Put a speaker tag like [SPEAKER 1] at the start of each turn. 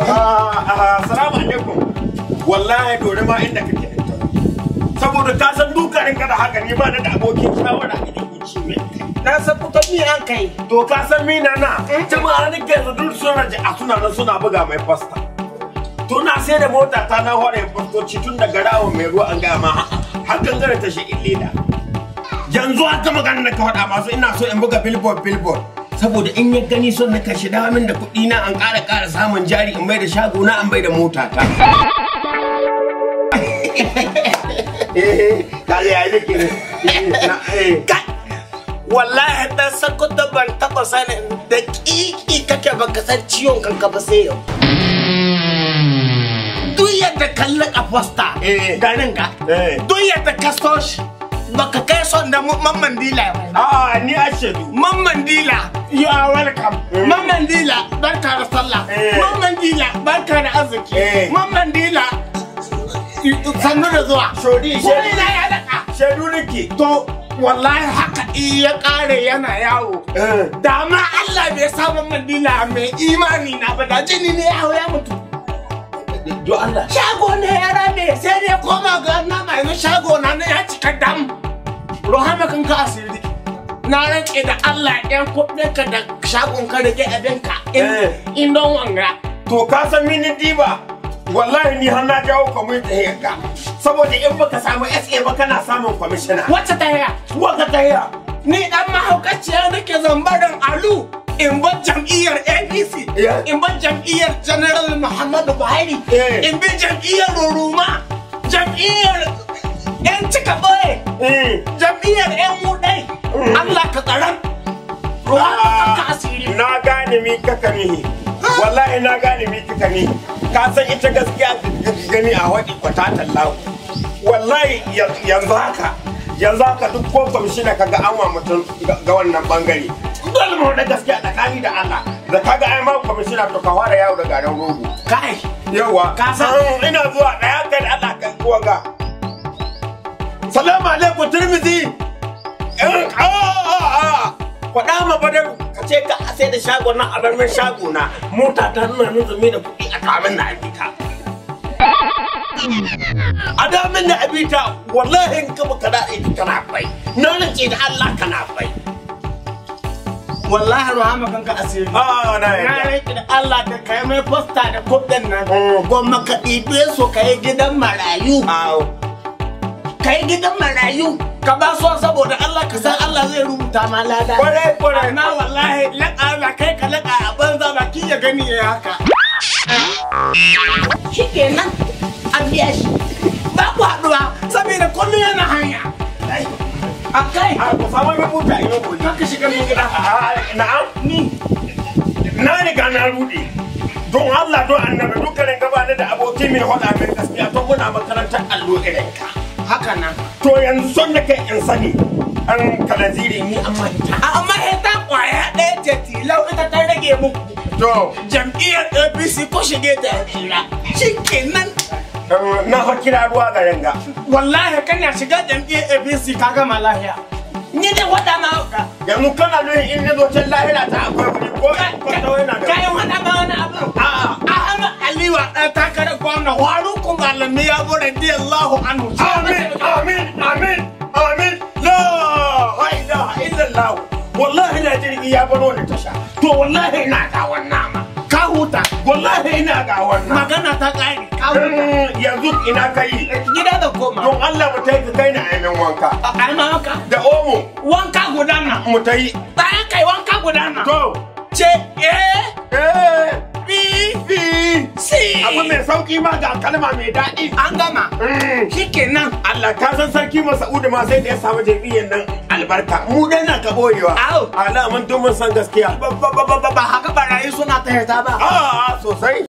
[SPEAKER 1] Assalamu alaikum. Wallahi dore ma inda kake Saboda ka san dukarin ka da haka ne ba da abokin shawara a gidan kunci mai. Na san kutan mi an kai. To ka san mi na na. Eh? Jama'a nake yanzu duk sun raje a suna nan suna buga mai fasta. To na sai da mota ta na hore fastoci tun da rawa mai ruwa an gaya ma har gangara ta shi illida. Yanzu ta maganar da ka faɗa masu ina so in buga billboard billboard. saboda in ya gani son na shi da da kuɗi na an ƙara ƙara samun jari in bai da shago na an bai da mota ta kaje ya nake kai wallahi dan sako da ban taɓa sani da ƙiƙi kake baka san ciwon kanka ba sai yau duk yadda kallon a fosta eh. garin ka eh. duk yadda ka so baka kai son da mamman dila ba a ni ashedu mamman dila you are welcome eh. mamman dila barka da sallah eh. mamman dila barka da arziki eh. mamman dila sannu da zuwa shodi shodi na ya daka shedu nake to wallahi haka iya kare yana yawo da ma Allah bai sa mamman dila mai imani na ba da jini ne ya ya mutu shago ne ya rame sai ne koma ga nama yanzu shago Rohama kan ka asiri dake. Na rantse da Allah ɗan ka da shagon ka da abinka in eh. in don wanga. To ka san mini diba wallahi ni har na jawo kamar ta yanka saboda in baka samu SA ba kana samun commissioner Wacce ta yaya? Wacce ta yaya? Ni dan mahaukaciya nake zambaran alu in ban jam'iyyar APC eh. in ban jam'iyyar General Muhammadu Buhari eh. in bi jam'iyyar roruma tsakiyar yan mudai Allah ka tsaran na gane mi kaka mihi wallahi na gane mi kaka mihi ka san ita gaskiya gani a wadi kwata tallahu wallahi yanzu haka yanzu haka duk ko kamshi da kaga an wa mutum ga wannan bangare dole mu da gaskiya da tsakani da Allah da kaga ai ma kwamishina to ka fara yawo da garin rogo kai yawa ka san ina zuwa daya kai da Allah kan kuwa ga salamu alaikum turmizi eh, ah, ah, ah. faɗa ma badar ka ce ka a da shagon na a barmin shago na mota ta nuna min zume da kuɗi a kamin na abita a damin na abita wallahi in ka baka da ita kana bai na rance da Allah kana bai wallahi rahama kanka asiri a na rance da Allah da kai mai posta da kuɗin nan mm. gwamma ka ɗibe su kai gidan marayu kai gidan marayu ka ba so saboda Allah ka san Allah zai rubuta ma lada kwarai kwarai na wallahi laka na kai ka laka a banza ba ki ya gani ya haka shikenan a biya shi ba ku haduwa saboda kullum yana hanya a kai a ku fama mai mutu a yi mako ka shiga min gida na'am ni na ne ga na rude don Allah don annabi dukkanin gaba da abokin mai hoda min gaskiya to muna makarantar allo irin ka haka nan to yanzu da kai in sani an kala kalaziri ni amma hita amma hita kwaya ɗaya ce tilau ita ta rage muku to jam'iyyar apc ko shige ta kira shi kenan na fa kira ruwa ga ranga wallahi kana shiga jam'iyyar apc ka gama lahiya ni da wada ma yanzu kana nuni in ne zo can lahira ta akwai wuri ko ka yana da wa ɗan takarar gwamna warukun malami ya bu radiyallahu anhu amin amin amin amin la ilaha illallah wallahi na jirgi ya baro da tasha to wallahi ina ga wannan ma ka huta wallahi ina ga wannan magana ta kare ka huta hmm, yanzu ina kai gida da koma don Allah mu tayi ka kai na aimin wanka aimin wanka da omo wanka gudana mu tayi bayan kai wanka gudana to ce eh eh abu mai sauki ma ga kalma mai daɗi an gama mm. shikenan Allah ta san sarki Masa'udu ma sai da ya samu jami'in nan albarka mu dai na ka boyewa ala mun tun san gaskiya ba haka barayi suna ta ba a ah, sosai